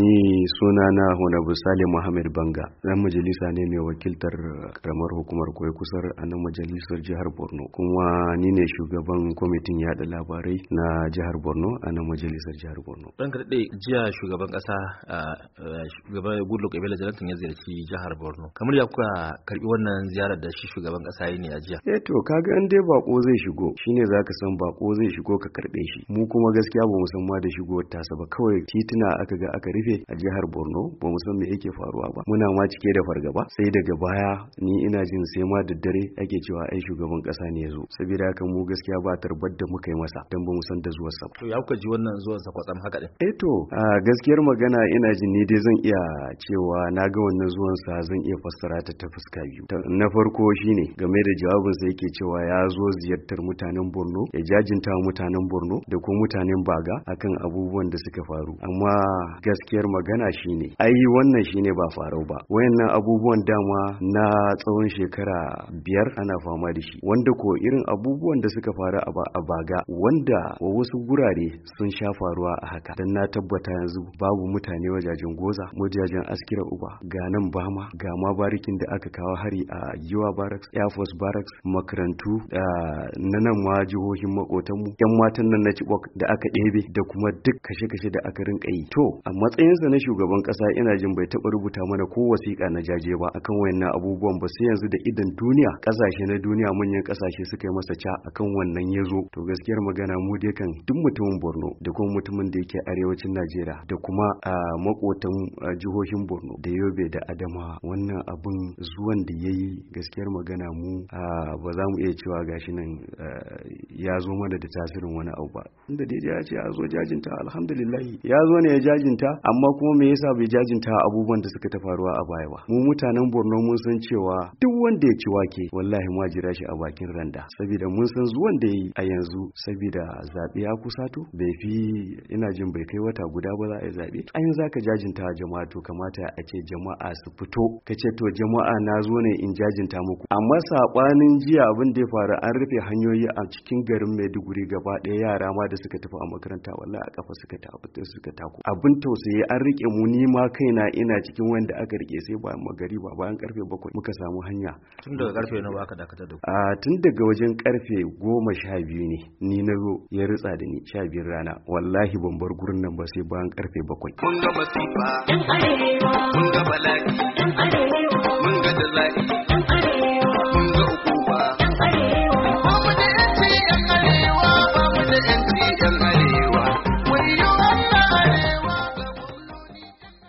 ni suna na honabu Salim muhammad banga dan majalisa ne mai wakiltar karamar hukumar koyi kusar a nan majalisar jihar borno kuma ni ne shugaban kwamitin yada labarai na jihar borno a nan majalisar jihar borno dan karɗe jiya shugaban ƙasa shugaban goodluck ebele jonathan ya ziyarci jihar borno kamar ya kuka karbi wannan ziyarar da shi shugaban ƙasa yi ne a jiya eh to kaga in dai bako zai shigo shine zaka san bako zai shigo ka karɓe shi mu kuma gaskiya ba mu san ma da shigo tasa ba kawai titina aka ga aka rufe gefe a jihar borno ba mu san me yake faruwa ba muna ma cike da fargaba sai daga baya ni ina jin sai ma da dare ake cewa ai shugaban kasa ne ya zo saboda haka mu gaskiya ba tarbar da muka yi masa dan ba mu san da zuwar sa to ya kuka ji wannan zuwar sa kwatsam haka din eh to a gaskiyar magana ina jin ni dai zan iya cewa na ga wannan zuwan sa zan iya fassara ta ta fuska biyu na farko shine game da jawabin sa yake cewa ya zo ziyartar mutanen Borno ya jajinta mutanen Borno da ko mutanen Baga akan abubuwan da suka faru amma gaskiya gaskiyar magana shine ai wannan shine ba farau ba wayannan abubuwan dama na tsawon shekara biyar ana fama da shi wanda ko irin abubuwan da suka faru a baga wanda wa wasu gurare sun sha faruwa a haka dan na tabbata yanzu babu mutane wajajen goza wajajen askira uba ga nan bama ga ma barikin da aka kawo hari a yiwa barracks air force barracks makarantu na nan ma jihohin makotanmu yan matan nan na cibok da aka ɗebe da kuma duk kashe-kashe da aka rinka yi to a matsayin matsayinsa na shugaban kasa ina jin bai taba rubuta mana ko wasiƙa na jaje ba akan wayannan abubuwan ba sai yanzu da idan duniya Kasashe na duniya manyan kasashe suka yi masa ca akan wannan yazo zo to gaskiyar magana mu dai kan duk mutumin Borno da kuma mutumin da yake arewacin Najeriya da kuma makotan jihohin Borno da Yobe da Adamawa wannan abin zuwan da yayi gaskiyar magana mu ba za mu iya cewa gashi nan ya zo mana da tasirin wani abu ba inda dai ya ce ya zo jajinta alhamdulillah ya zo ne ya jajinta amma kuma me yasa bai jajinta abubuwan da suka ta faruwa a baya ba mu mutanen borno mun san cewa duk wanda ya ci wake wallahi ma jira shi a bakin randa saboda mun san zuwan da yi a yanzu saboda zaɓe ya kusato bai fi ina jin bai kai wata guda ba za a yi zaɓe a yanzu zaka jajinta jama'a to kamata a ce jama'a su fito ka ce to jama'a na zo ne in jajinta muku amma saɓanin jiya abin da ya faru an rufe hanyoyi a cikin garin maiduguri gaba ɗaya yara ma da suka tafi a makaranta wallahi a kafa suka tafi suka taku abin tausayi an rike mu ni ma kaina ina cikin wanda aka rike sai ba magari ba bayan karfe bakwai muka samu hanya tun daga karfe nawa aka dakata da a tun daga wajen karfe goma sha biyu ne ni na zo ya ritsa da ni sha biyun rana wallahi ban bar gurin nan ba sai bayan karfe bakwai mun ga masifa mun ga balaki mun ga jaza'i